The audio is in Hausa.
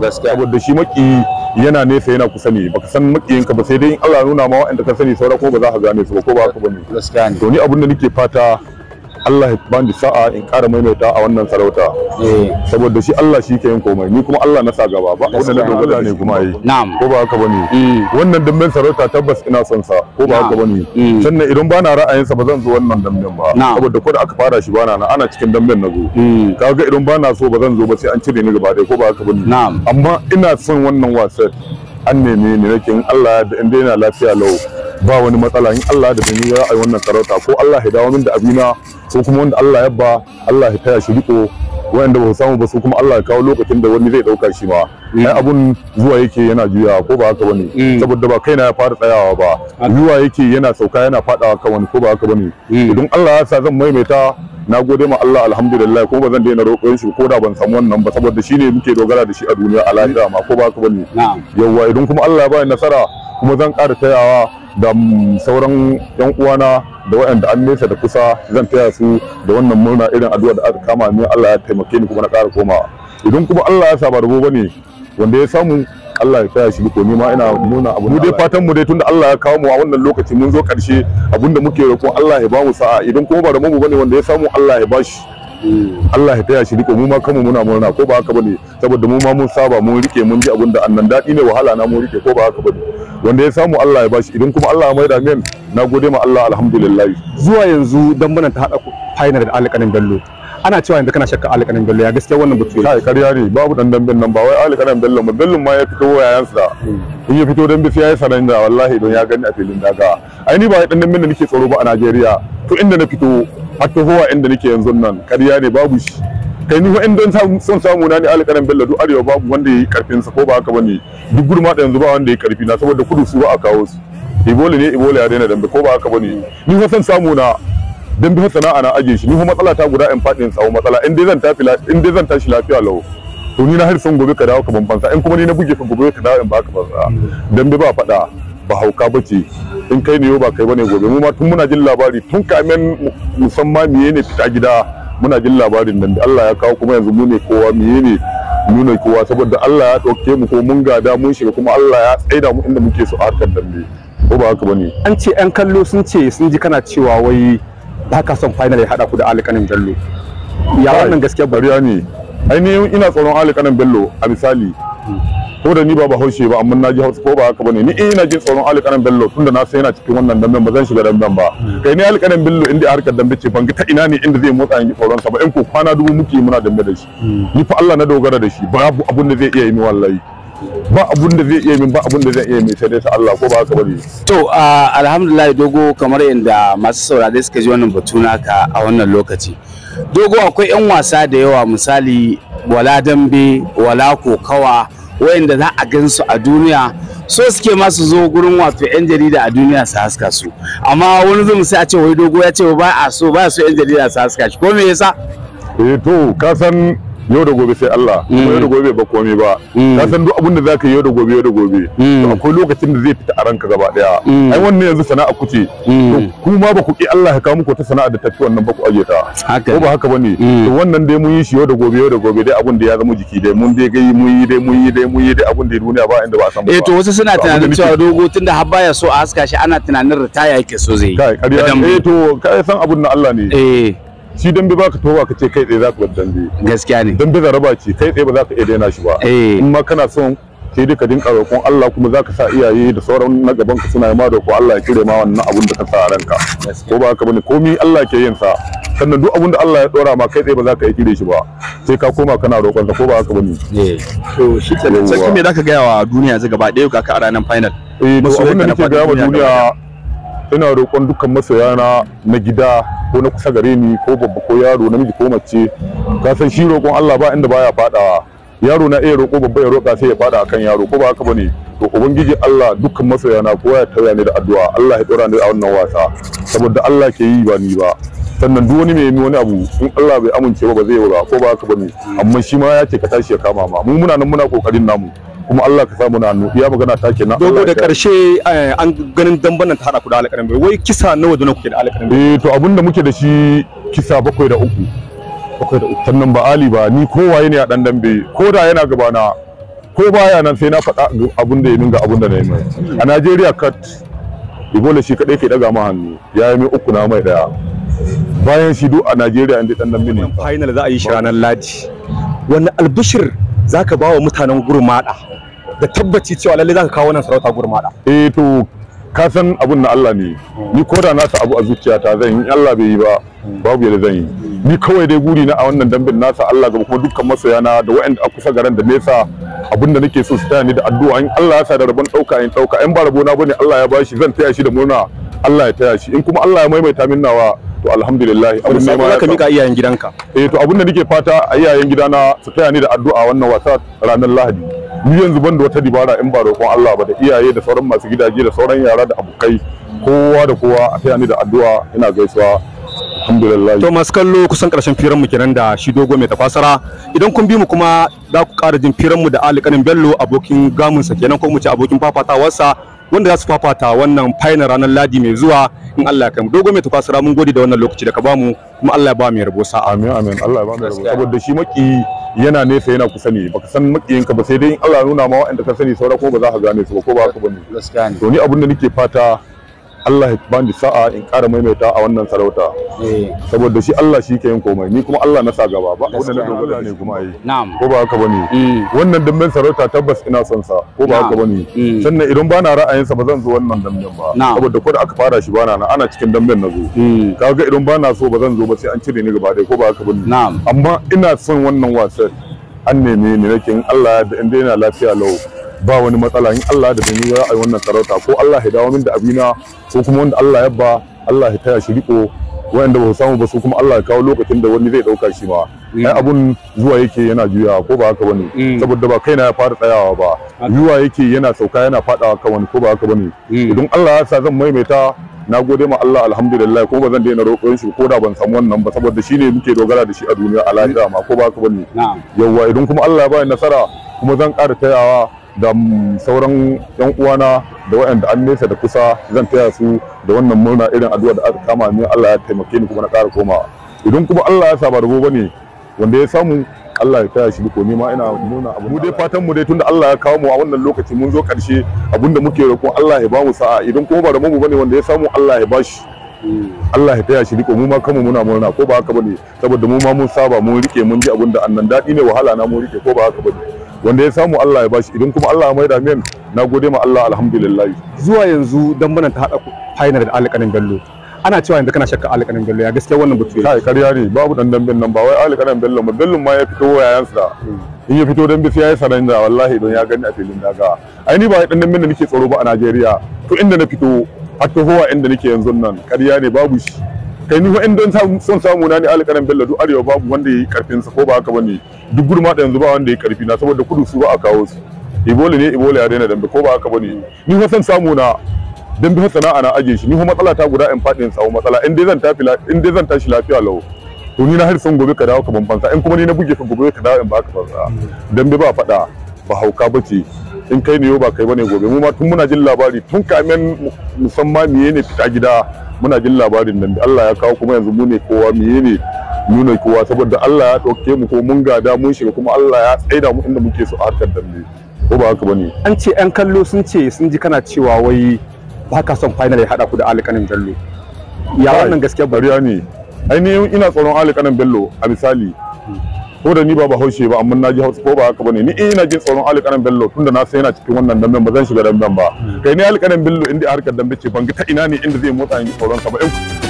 gaskiya saboda shi maki yana nesa yana kusa ne baka san makiyin ka ba sai dai in Allah nuna ma wa'anda ka sani saura ko ba za ka gane su ba ko ba ka bane gaskiya ne to ni abin da nake fata Allah ya bani sa'a in ƙara maimaita a wannan sarauta eh. saboda shi Allah shi ke yin komai ni kuma Allah na sa gaba ba wannan na dogara ne kuma yi ko ba haka bane mm. wannan damben sarauta tabbas ina son sa ko ba haka bane mm. sannan idan ba na ra'ayin sa ba zan zo wannan damben ba saboda ko da aka fara shi ba na na, ana cikin damben na zo mm. kaga idan ba na so ba zan zo ba sai an cire ni gaba ɗaya ko ba haka bane amma ina son wannan wasan an neme ni nake in Allah da in daina lafiya lau ba wani matsala in Allah da ni ya ai wannan sarauta ko Allah ya dawo min da abina su kuma wanda Allah ya ba Allah ya taya shi riko wanda ba samu ba su kuma Allah ya kawo lokacin da wani zai dauka shi ma mm. ai abun zuwa yake yana juya ko ba haka bane mm. saboda ba kaina ya fara tsayawa ba zuwa yake yana sauka yana fadawa kan wani ko ba haka bane mm. idan Allah ya sa zan maimaita na gode ma Allah alhamdulillah ko ba zan daina roƙon shi ko da ban samu wannan ba saboda shine muke dogara da shi a duniya a lahira ma ko ba haka bane yawa idan kuma Allah ya bani nasara kuma zan ƙara tayawa da sauran yan uwana da waɗanda an nesa da kusa zan taya su da wannan murna irin addu'a da aka kama ni Allah ya taimake ni kuma na ƙara komawa idan kuma Allah ya saba rabo bane wanda ya samu Allah ya taya shi ko ni ma ina nuna abu mu dai fatan mu dai tunda Allah ya kawo mu a wannan lokaci mun zo ƙarshe abinda muke roƙo Allah ya ba mu sa'a idan kuma ba rabo mu bane wanda ya samu Allah ya bashi hmm. Allah ya taya shi riko mu ma kanmu muna murna ko ba haka bane saboda mu ma mun saba mun rike mun ji abinda annan daɗi ne wahala na mun rike ko ba haka bane wanda ya samu Allah ya bashi idan kuma Allah ya maida min na gode ma Allah alhamdulillah zuwa yanzu dan bana ta hada final da alƙalin Bello ana cewa yanzu kana shakka alƙalin Bello ya gaskiya wannan batu kai kariya ne babu dan dan nan ba wai alƙalin Bello ba Bello ma ya fito da. in ya fito dan bisi ya sanan da wallahi don ya gani a filin daga ai ni ba dan dan da nake tsaro ba a Najeriya to inda na fito har to inda nake yanzu nan kariya ne babu shi kai ni wa'in don son samu na ne alƙaran bello duk arewa babu wanda ya yi karfin sa ko ba haka bane duk gurma da yanzu ba wanda ya yi karfi na saboda kudu su ba a kawo su ibole ne ibole ya daina dambe ko ba haka bane ni wa son samu na dambe sana'a na aje shi ni kuma matsala ta guda in fadin sa tsawo matsala in dai zan tafi in dai zan tashi lafiya lau to ni na har son gobe ka dawo ka banbansa in kuma ni na buge ka gobe ka dawo in ba ka dan dambe ba faɗa ba hauka bace in kai ne yau ba kai bane gobe mu ma tun muna jin labari tun kamen musamman miye ne fita gida muna jin labarin nan da Allah ya kawo kuma yanzu mu ne kowa miye ne nuna kowa saboda Allah ya ɗauke mu ko mun gada mun shiga kuma Allah ya tsaida mu inda muke so a harkar dambe ko ba haka bane an ce yan kallo sun ce sun ji kana cewa wai ba ka son final ya hada ku da alƙanin bello ya wannan gaskiya bariya ne ainihin ina tsoron alƙanin bello a misali hmm. ko da ni ba bahaushe ba amma naji hausa ko ba haka bane ni eh ina jin tsoron alƙaran bello tunda na san yana cikin wannan damben ba zan shiga damben ba kai ni alƙaran bello inda harkar dambe ce ban ga ta ina ne inda zai motsa yanki tsoron sa ba in ko kwana dubu muke muna dambe da shi ni fa Allah na dogara da shi babu abun da zai iya yi mi wallahi ba abun da zai iya min ba abun da zai iya min sai dai ta Allah ko ba haka bane to alhamdulillah dogo kamar yanda masu saurare suka ji wannan batu naka a wannan lokaci dogo akwai yan wasa da yawa misali wala dambe wala kokawa wayanda za a gan su a duniya so suke masu zo gurin wato yan jarida a duniya su haska su amma wani zumu sai a ce wai dogo ya ce ba a so ba so yan jarida su haska shi ko me yasa eh to ka san yau da gobe sai Allah kuma yau da mm. gobe ba komai ba mm. ka san duk abin da zaka yi yau da gobe yau da gobe to mm. akwai lokacin da zai fita a ranka gaba daya ai wannan yanzu sana'a kuce to kuma ba ku ki Allah ya kawo muku ta sana'a da tafi wannan ba ku aje ta ko ba haka bane to wannan dai mun yi shi yau da gobe yau da gobe dai abin da ya zama jiki dai mun dai gai mun yi dai mun yi dai mun yi dai abin da duniya ba inda ba a san ba eh to wasu suna tunanin cewa dogo tunda har baya so a haska shi ana tunanin ritaya yake so zai yi eh to kai san abin na Allah ne eh shi dambe baka towa ka ce kai tsaye zaka bar dambe gaskiya ne dambe zaraba ce kai tsaye ba zaka iya daina shi ba eh. in ma kana son sai dai ka dinka roƙon Allah kuma zaka sa iyaye da sauran na gaban ka suna ma ku Allah ya kire ma wannan abun da ka sa a ranka ko ba ka bane komai Allah ke yin sa sannan duk abun da Allah ya dora ma kai tsaye ba ka iya kire shi ba sai ka koma kana roƙon sa ko ba haka bane eh. to shi kenan sai me zaka ga wa duniya zai gaba ɗaya ka a ranar final eh to abin da nake ga wa duniya ina roƙon dukkan masoyana na gida ko na kusa gare ni ko babba ko yaro namiji ko mace ka san shi roƙon Allah ba inda baya fadawa yaro na iya roƙo babba ya roƙa sai ya fada akan yaro ko ba haka bane to ubangiji Allah dukkan na ko ya tauya ni da addu'a Allah ya tsora ni a wannan wasa saboda Allah ke yi ba ni ba sannan duk wani mai yi wani abu in Allah bai amince ba ba zai yi ba ko ba haka bane amma shi ma ya ce ka tashi ya kama ma mu muna nan muna kokarin namu kuma Allah ka samu na hannu iya magana ta kenan dogo da karshe eh, an ganin dambanan ta hada ku da bai wai kisa nawa da nake da alƙarin bai eh, to abin da muke da shi kisa bakwai da uku bakwai da uku Tannan ba ali ba ni waye ne a dan dambe ko da yana gaba na, ko baya nan sai na faɗa abin da ya ninga abin da na yi mai a Najeriya kat Ibola shi kadai ke daga ma hannu ya yi mai uku na mai daya bayan shi duk a Najeriya inda dan dambe ne final za a yi shi ranar Ladi wani albishir zaka ba wa mutanen gurmada da tabbaci cewa lalle ka kawo wannan sarauta da. eh to ka san abun na Allah ne ni ko da na abu a zuciyata zan yi Allah bai yi ba babu yadda zan yi ni kawai dai guri na a wannan dambin nasa Allah gaba kuma dukkan masoya na da waɗanda a kusa garan da nesa abun da nake so su taya ni da addu'a in Allah ya sa da rabon ɗauka in ɗauka in ba rabona bane Allah ya bashi zan taya shi da murna Allah ya taya shi in kuma Allah ya maimaita min nawa to alhamdulillah abin ne ma ka mika iyayen gidanka eh to abin da nake fata a iyayen gidana su taya ni da addu'a wannan wasa ranar Lahadi ni yanzu ban da wata dibara in ba roƙon Allah ba da iyaye da sauran masu gidaje da sauran yara da abokai kowa da kowa a taya ni da addu'a ina gaisuwa alhamdulillah to masu kallo kusan karshen firan mu kenan da shi dogo mai tafasara idan kun bi mu kuma za ku ƙara jin firan mu da alƙalin bello abokin gamunsa kenan ko mu ce abokin fafatawarsa wanda za su fafata wannan final ranar ladi mai zuwa in Allah ya kai mu dogo mai tukasira mun gode da wannan lokaci da ka bamu kuma Allah ya ba mu yarbo sa amin amin Allah ya ba mu yarbo saboda shi maki yana nefa yana kusa ne baka san makiyin ka ba sai dai in Allah ya nuna ma wa'anda ka sani saura ko ba za ka gane su ba ko ba ka bane to ni abin da nake fata Allah ya bani sa'a in ƙara maimaita a wannan sarauta eh. saboda shi Allah shi ke yin komai ni kuma Allah na sa gaba ba wannan na dogara ne kuma yi ko ba haka bane eh. wannan dambin sarauta tabbas ina son sa ko ba haka bane eh. sannan idan ba na ra'ayin sa ba zan zo wannan dambin ba saboda ko da aka fara shi bana na ana cikin dambin na zo kaga idan ba na so ba zan zo ba sai an cire ni gaba ɗaya ko ba haka bane amma ina son wannan wasan an neme ni nake in Allah ya da inda yana lafiya lau ba wani matsala in Allah da dani za a wannan sarauta ko Allah ya dawo min da abina ko kuma wanda Allah ya ba Allah ya taya shi riko wanda ba su samu ba su kuma Allah ya kawo lokacin da wani zai dauka shi ma mm. ai abun zuwa yake yana juya ko ba haka bane mm. saboda ba kaina ya fara tsayawa ba zuwa yake yana sauka yana fadawa kan wani ko ba haka bane mm. idan Allah ya sa zan maimaita na gode ma Allah alhamdulillah ko ba zan daina roƙon shi ko da ban samu wannan ba saboda shine muke dogara da shi a duniya a lafiya ma ko ba haka bane yawa idan kuma Allah ya bani nasara kuma zan ƙara tayawa da sauran yan uwana da waɗanda an nesa da kusa zan taya su da wannan murna irin addu'a da aka kama ni Allah ya taimake ni kuma na ƙara komawa idan kuma Allah ya saba gobe ne wanda ya samu Allah ya taya shi ko ni ma ina nuna abu mu dai fatan mu dai tunda Allah ya kawo mu a wannan lokaci mun zo ƙarshe abinda muke roƙo Allah ya ba mu sa'a idan kuma ba da mu bane wanda ya samu Allah ya bashi Allah ya taya shi riko mu ma kanmu muna murna ko ba haka bane saboda mu ma mun saba mun rike mun ji abinda da annan daɗi ne wahala na mun rike ko ba haka bane wanda ya samu Allah ya bashi idan kuma Allah ya maida min na gode ma Allah alhamdulillah zuwa yanzu dan bana ta hada final da alƙalin Bello ana cewa yanzu kana shakka alƙalin Bello ya gaskiya wannan butu kai kariya ne babu dan dan nan ba wai alƙalin Bello ma Bello ma ya fito yayansa da in ya fito dan bisi yayi da wallahi don ya gani a filin daga ai ni ba dan dan da nake tsaro ba a Najeriya to inda na fito hatta huwa inda nake yanzu nan kariya ne babu shi kai ni fa in don son samu na ne alƙalin Bello duk arewa babu wanda yayi karfin sa ko ba haka bane duk gurma da yanzu ba wanda ya karfi na saboda kudu su ba a kawo su ibola ne ibola ya daina dambe ko ba haka bane ni fa san samu na dambe sana'a na aje shi ni fa matsala ta guda in faɗi in samu matsala in dai zan tafi in dai zan tashi lafiya lau to ni na har san gobe ka dawo ka banfansa in kuma ni na buge ka gobe ka dawo in ba ka fansa dambe ba faɗa ba hauka bace in kai ne yau ba kai bane gobe mu ma tun muna jin labari tun kamen musamman miye ne fita gida muna jin labarin nan Allah ya kawo kuma yanzu mu ne kowa miye ne nuna kowa saboda Allah ya ɗauke mu ko mun gada mun shiga kuma Allah ya tsaida mu inda muke so a harkar dambe ko ba haka bane an ce ɗan kallo sun ce sun ji kana cewa wai ba ka son final ya hada ku da alƙanin Bello ya wannan gaskiya riya ne ainihin ina tsoron alƙanin Bello a misali ko da ni ba bahaushe ba amma ji hausa ko ba haka bane ni eh, ina jin tsoron alƙanin bello tunda na san yana cikin wannan damben ba zan shiga damben ba hmm. kai ni alƙanin bello inda harkar dambe ce ban ga ta ina ne inda zai motsa ni tsoron ka ba